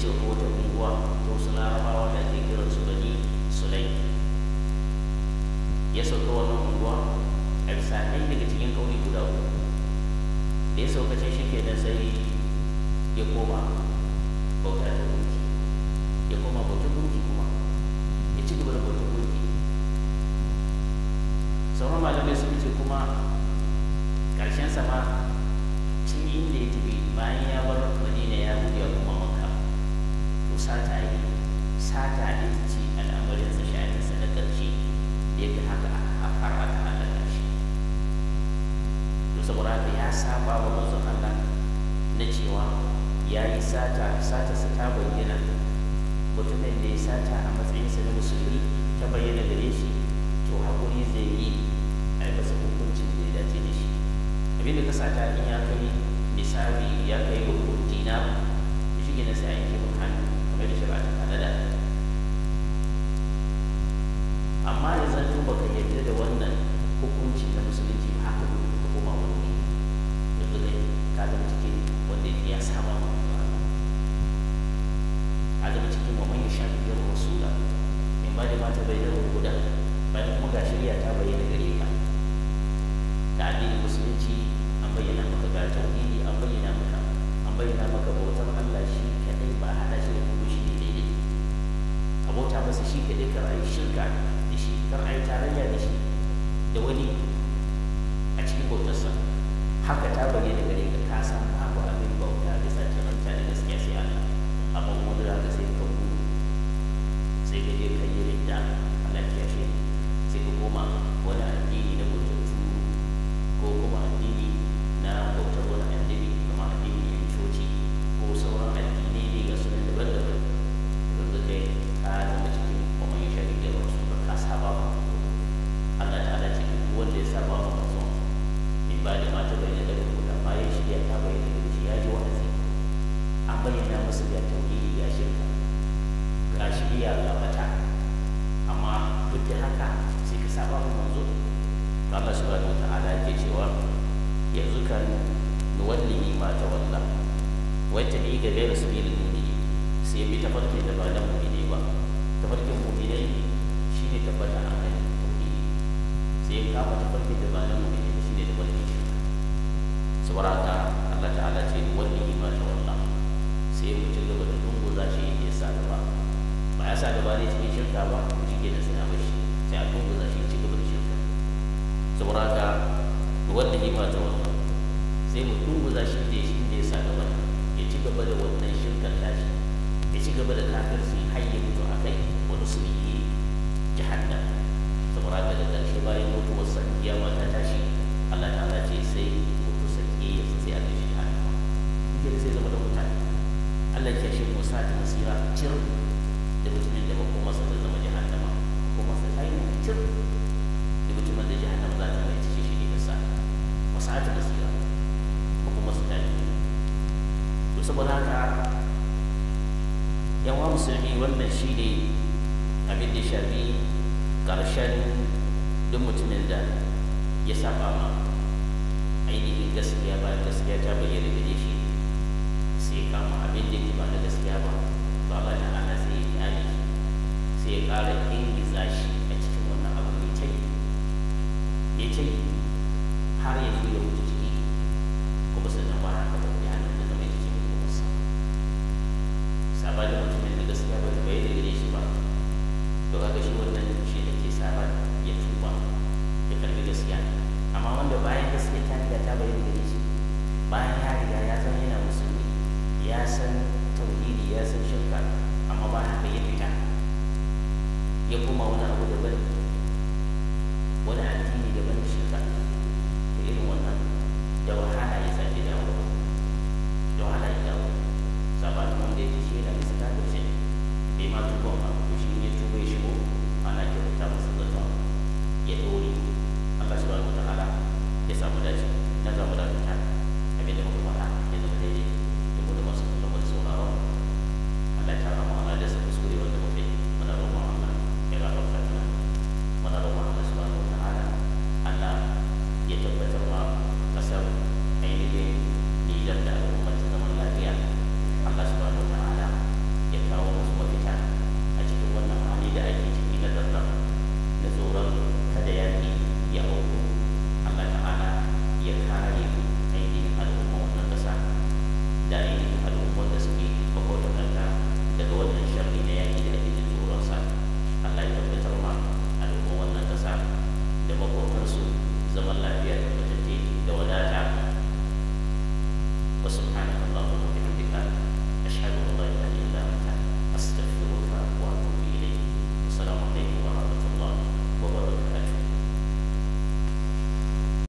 sun wata unguwa ko su larabawa da ake kiran su bani sulai ya sauka wannan unguwa a bisa ɗaya daga cikin ƙauye guda uku da ya sauka can shi kenan sai ya koma bauta ta gunki ya koma bauta gunki kuma ya ci gaba da bauta gunki sauran malamai sun ce kuma ƙarshen sama tun inda ya tafi bayan ya bar madina ya buɗe kuma sata yi sata ita ce al'amarinsa sha'aninsa na ƙarshe da ya haka a fara ta da shi Musa saboda ya saba wa manzon Allah na cewa ya yi sata sata sa ta bayyana mutumin da ya sata a matsayinsa na musulmi ta bayyana gare shi to haƙuri zai yi a yi masa hukuncin da ya dace da shi abinda ka sata in ya kai misali ya kai hukunci na shi gina sai amma da zanto ka yarda da wannan hukunci na musulunci ba haka dole ka koma wani ne da zai zama cikin wanda ya saba ma a zama cikin wa manyan yasha biyar rasula in ba da ma ta bayyana guda da kuma ga shirya ta bayyana gare ka da addinin musulunci an bayyana maka ga tauhidi an bayyana maka an bayyana maka bautar Allah shi kadai ba hada shi da kuma shi daidai abota bauta masa shi kadai ka rayu shirka shi kar a yi tarayya da shi da wani a cikin bautarsa haka ta bayyana gare ka ta san babu abin bauta da ta taranta da gaskiya sai Allah amma wani da zaka sai ka ku sai ka je ka yi Allah ya sai ka koma wani su ga tauhidi ga shirka ga shiriya ga bata amma duk da haka sai ka saba mu manzo Allah subhanahu wataala yake cewa yanzu kan nuwallihi ma tawalla wai ta bi ga gaira sabilin mu'mini sai bi tafarki da ba na mu'mini ba tafarkin mu'minai ne tabbata a kan tauhidi sai ka ba tafarkin da ba na mu'mini shine tafarkin shirka saboda Allah ta'ala ce nuwallihi ma tawalla sai mu ci gaba da za shi ya sa gaba ba ya sa gaba ne cikin shirka ba mu ci kenan suna ba shi sai a za shi ya ci gaba da shirka saboda ka wanda ba ta wannan sai mu tunguza shi da shi da ya sa gaba ya ci gaba da wannan shirkar tashi ya ci gaba da kafirci har ya mutu a kai wani sulhi jahannam saboda ka da ƙarshe bayan mutuwarsa sa ta basira cir da mutumin da ta zama jahannama ko masa ainihin cir da da jahannama za ta shi da sa wasa ta basira ko kuma su to saboda haka yawa musulmi wannan shi ne abin da shafi duk mutumin da ya saba ma ainihin gaskiya ba gaskiya ta bayyana sai kama abin da yake ba na gaskiya ba to Allah ta'ala sai ya kyale sai ya ƙara ingiza shi amma ba haka ya fita ya koma wani abu bari wani addini da shirka da irin wannan da wahala ya sake dawo da wahala ya dawo sabanin wanda ya shi yana bisa bai ma tuba ba ko shi ya tuba ya shigo ana kyautata masa zaton ya dori Allah subhanahu ya samu dace